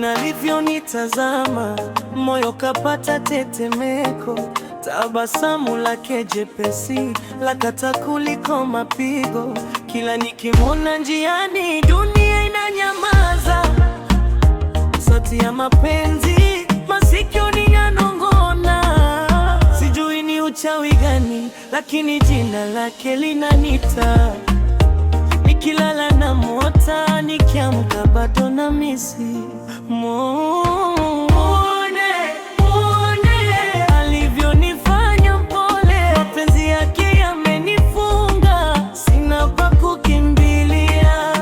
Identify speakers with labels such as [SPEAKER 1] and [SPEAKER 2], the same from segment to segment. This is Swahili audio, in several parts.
[SPEAKER 1] Nalivyonitazama moyo kapata tetemeko, tabasamu lake jepesi kata kuliko mapigo. Kila nikimwona njiani, dunia inanyamaza, sauti ya mapenzi masikioni yanong'ona. Sijui ni uchawi gani, lakini jina lake linanita nikilala na mwota, nikiamka bado na misi alivyonifanya yake yamenifunga, kukimbilia.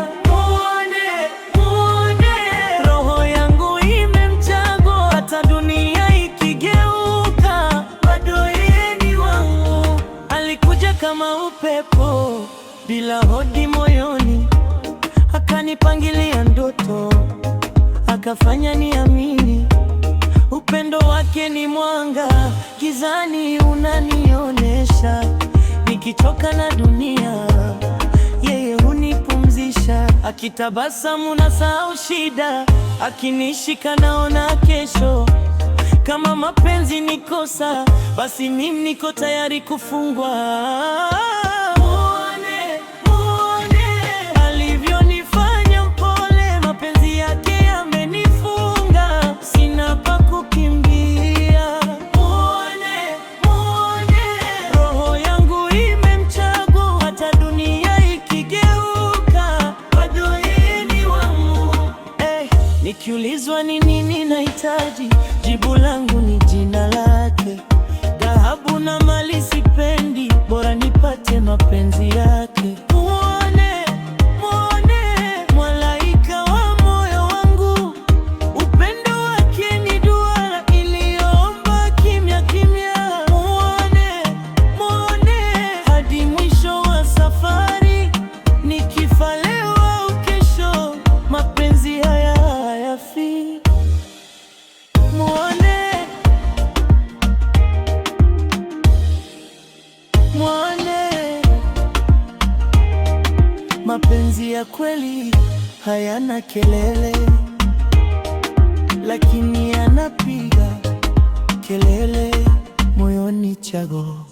[SPEAKER 1] roho yangu hata dunia ikigeuka Alikuja kama upepo bila hodi moyoni, akanipangilia ndoto akafanya niamini, upendo wake ni mwanga gizani, unanionesha nikichoka na dunia, yeye hunipumzisha, akitabasamu nasahau shida, akinishika naona kesho. Kama mapenzi ni kosa, basi mimi niko tayari kufungwa. Nikiulizwa ni nini nahitaji, jibu langu ni jina lake. Dhahabu na mali sipendi, bora nipate mapenzi yake. tuelewane. Mapenzi ya kweli hayana kelele, lakini yanapiga kelele moyoni chago